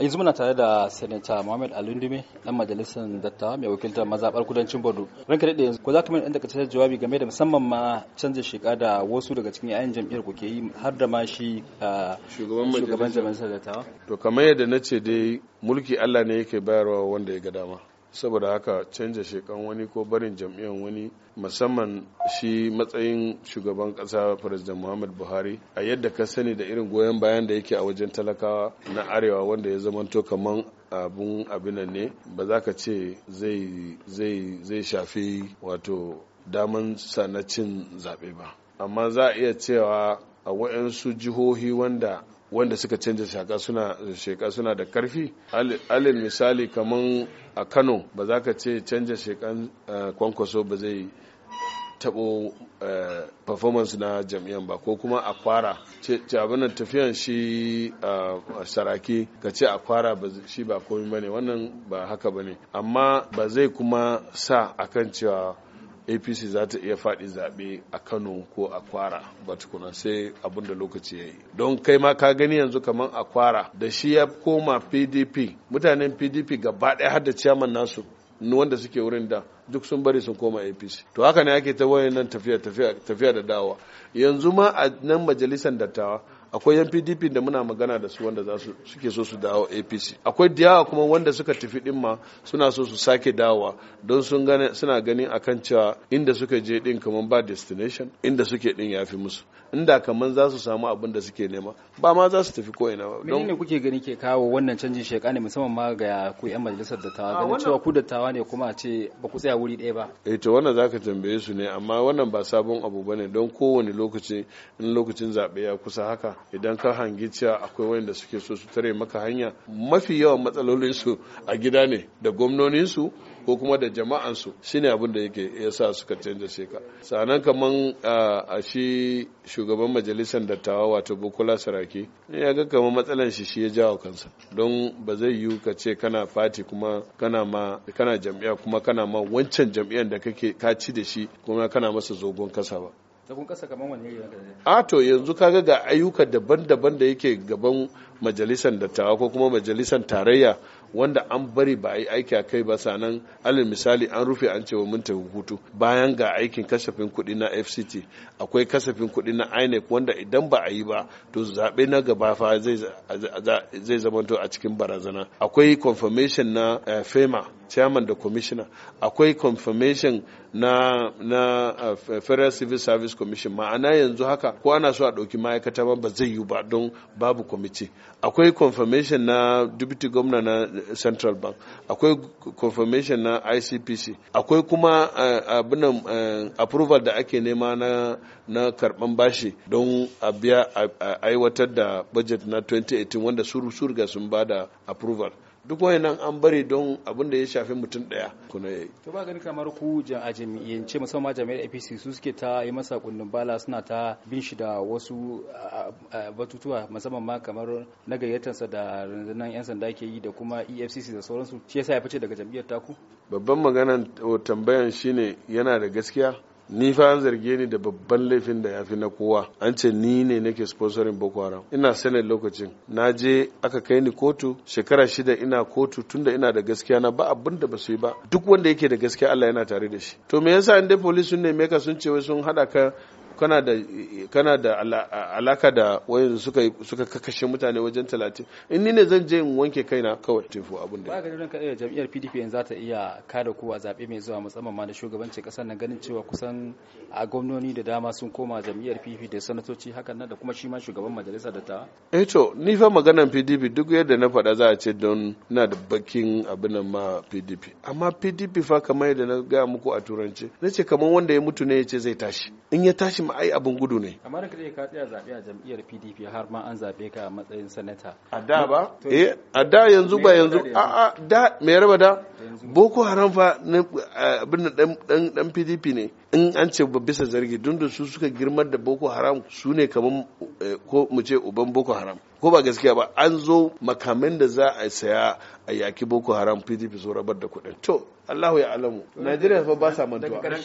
yanzu muna tare da senator Mohamed Alundume dan majalisar dattawa mai wakiltar mazabar kudancin bodu ranka daɗe yanzu ko za ka mai ɗan takaitaccen jawabi game da musamman ma canza shiga da wasu daga cikin yayin jam'iyyar ku ke yi har da ma shi ah, shugaban majalisar dattawa to kamar yadda na ce dai mulki Allah ne yake bayarwa wanda ya ga dama saboda haka canza shekan wani ko barin jam'iyyar wani musamman shi matsayin shugaban kasa president muhammad buhari a yadda ka sani da irin goyon bayan da yake a wajen talakawa na arewa wanda ya zama zamanto kaman abun abinan ne ba za ka ce zai shafi wato daman sanacin zaɓe ba amma za a iya cewa a waɗansu jihohi wanda wanda suka canza shaka suna sheka suna da karfi alin misali kamar a kano ba za ka ce canza shekan eh, kwankwaso ba zai tabo eh, performance na jami'an ba ko kuma a kwara ce abinan tafiyan shi eh, saraki ka ce a kwara shi ba komi bane wannan ba haka bane amma ba zai kuma sa akan cewa apc za ta iya faɗi zaɓe a kano ko a kwara ba tukuna sai abin lokaci ya yi don kai ma ka gani yanzu kamar a kwara da shi ya koma pdp mutanen pdp gaba ɗaya har da ciyaman nasu wanda suke wurin da duk sun bari sun koma apc to haka ne ake ta wayan nan tafiya tafiya da dawa yanzu ma a nan majalisar dattawa akwai yan pdp da muna magana da su wanda za su suke so su dawo apc akwai diyawa kuma wanda suka tafi din ma suna so su sake dawa don sun gane suna ganin akan cewa inda suka je din kaman ba destination inda suke din yafi musu inda kaman za su samu abin da suke nema ba ma za su tafi ko ina ba don ne kuke gani ke kawo wannan canjin shekani ne musamman ma ga ku yan majalisar dattawa ah, ganin cewa ku dattawa ne kuma a ce ba ku tsaya wuri ɗaya ba eh to wannan zaka tambaye su ne amma wannan ba sabon abu bane don kowane lokaci in lokacin zabe ya kusa haka idan ka hangi cewa akwai wanda suke so su tare maka hanya mafi yawan matsalolinsu a gida ne da gwamnoninsu ko kuma da jama'ansu shine abin da yake ya sa suka canza sheka sanan kaman a shi shugaban majalisar dattawa wato bukola saraki ya ga kamar matsalan shi shi ya jawo kansa don ba zai yiwu ka ce kana fati kuma kana ma kana jam'iyya kuma kana ma wancan jam'iyyar da kake ka ci da shi kuma kana masa zogon kasa ba a ah, to yanzu kaga ga ayyuka daban-daban da yake gaban majalisar dattawa ko kuma majalisar tarayya wanda an bari ba a yi aiki a kai ba sanan alal misali an rufe an cewa mun tafi hutu bayan ga aikin kasafin kuɗi na fct akwai kasafin kuɗi na inec wanda idan ba a yi ba to zaɓe na gaba fa zai zamanto a cikin barazana akwai confirmation na eh, fema chairman da commissioner akwai confirmation na na eh, federal civil service commission ma'ana yanzu haka ko ana so a ɗauki ma'aikata ba ba zai yi ba don babu kwamiti akwai confirmation na deputy governor na central bank akwai confirmation na icpc akwai kuma eh, abinan eh, approval da ake nema na na karban bashi don a biya aiwatar da budget na 2018 wanda surga sun ba da approval duk wayannan an bari don abin da ya shafi mutum daya kuna yayi to ba gani kamar ku a jami'ance musamman jami'ar APC su suke ta yi masa kundin bala suna ta bin shi da wasu batutuwa musamman ma kamar na gayyatarsa da rundunar yan sanda ke yi da kuma EFCC da sauransu shi yasa ya fice daga jami'ar taku babban maganan tambayan shine yana da gaskiya ni fa an zarge ni da babban laifin da ya fi na kowa an ce ni ne nake sponsorin boko haram ina sanin lokacin na je aka kai ni kotu shekara shida ina kotu tunda ina da gaskiya na ba abin da ba su yi ba duk wanda yake da gaskiya Allah yana tare da shi to me yasa in dai police sun neme ka sun ce wai sun hada ka kana da kana da alaka da wayan suka suka kashe mutane wajen 30 in ni ne zan je in wanke kaina kawai tefu abin da ba ga ranka eh jam'iyyar PDP yanzu ta iya kada kowa zaɓe zabe mai zuwa musamman ma da shugabancin kasar nan ganin cewa kusan a gwamnoni da dama sun koma jam'iyyar PDP da sanatoci hakan nan da kuma shi ma shugaban majalisa da ta eh to ni fa maganan PDP duk yadda na faɗa za a ce don na da bakin abin nan ma PDP amma PDP fa kamar yadda na ga muku a turanci nace kamar wanda ya mutu ne ya ce zai tashi in ya tashi abin gudu ne kamar da ka tsaya zabe a jam'iyyar PDP har ma an zabe ka a matsayin sanata a da ba eh a da yanzu ba yanzu a a da me raba da Boko Haram fa abin dan dan PDP ne in an ce bisa zargi dundun su suka girmar da Boko Haram su ne kaman eh, ko mu ce uban Boko Haram ko ba gaskiya ba an zo makamin da za a saya a yaki Boko Haram PDP su rabar da kuɗin to Allahu ya alamu Najeriya fa ba sa mantuwa